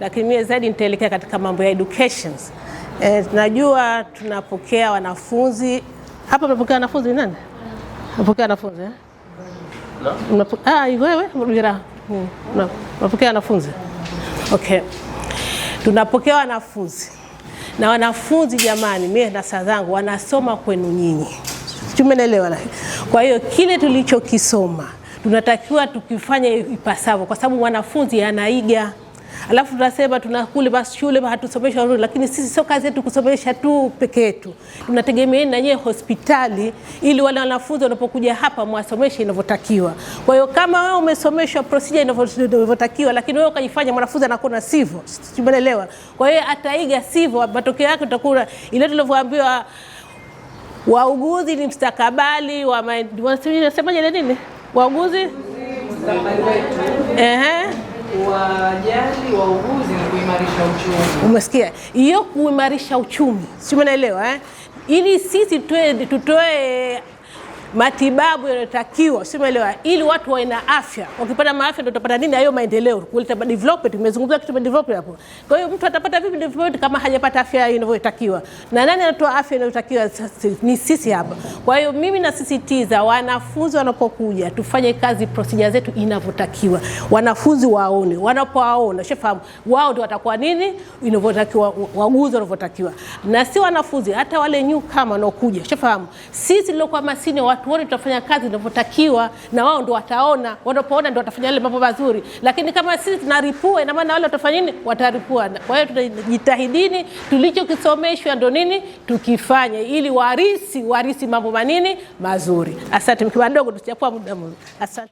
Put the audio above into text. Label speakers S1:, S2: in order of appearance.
S1: lakini mie zaidi nitaelekea katika mambo ya education. E, eh, najua tunapokea wanafunzi hapa. Mnapokea wanafunzi nani? Mnapokea wanafunzi eh? Ah, wewe Mrujeraha, hmm, mnapokea wanafunzi okay. Tunapokea wanafunzi na wanafunzi, jamani, mie na saa zangu wanasoma kwenu nyinyi, tumeelewa. Kwa hiyo kile tulichokisoma tunatakiwa tukifanya ipasavyo, kwa sababu mwanafunzi anaiga alafu tunasema tunakule basi shule hatusomesha watoto, lakini sisi sio kazi yetu kusomesha tu peke yetu, tunategemea na yeye hospitali, ili wale wanafunzi wanapokuja hapa mwasomeshe inavyotakiwa. Kwa hiyo kama wewe umesomeshwa procedure inavyotakiwa, lakini wewe ukajifanya mwanafunzi anakuwa sivyo, umeelewa? Kwa hiyo ataiga sivyo, matokeo yake utakuwa ile tulivyoambiwa wauguzi ni mstakabali wa wanasemaje nini? Wauguzi ehe,
S2: wa uwekezaji wa uguzi na kuimarisha uchumi.
S1: Umesikia hiyo, kuimarisha uchumi, si umeelewa eh? Ili sisi tutoe matibabu yanayotakiwa simaelewa, ili watu wawe na afya. Wakipata maafya ndo utapata nini? Hayo maendeleo, kuleta development. Umezungumza kitu development hapo. Kwa hiyo mtu atapata vipi development kama hajapata afya inavyotakiwa? Na nani anatoa afya inayotakiwa? Ni sisi hapa. Kwa hiyo mimi nasisitiza wanafunzi wanapokuja, tufanye kazi procedure zetu inavyotakiwa, wanafunzi waone, wanapowaona shefahamu wao ndio watakuwa nini inavyotakiwa, waguzi wanavyotakiwa, na si wanafunzi, hata wale new kama wanaokuja shefahamu sisi tuliokuwa masini wa wote tutafanya kazi inavyotakiwa, na wao ndo wataona, wanapoona ndo watafanya yale mambo mazuri, lakini kama sisi tunaripua, ina maana wale watafanya nini? Wataripua. Kwa hiyo tunajitahidini, tulichokisomeshwa ndo nini tukifanye, ili warisi warisi mambo manini mazuri. Asante mkiwa dogo, tusichapua muda. Asante.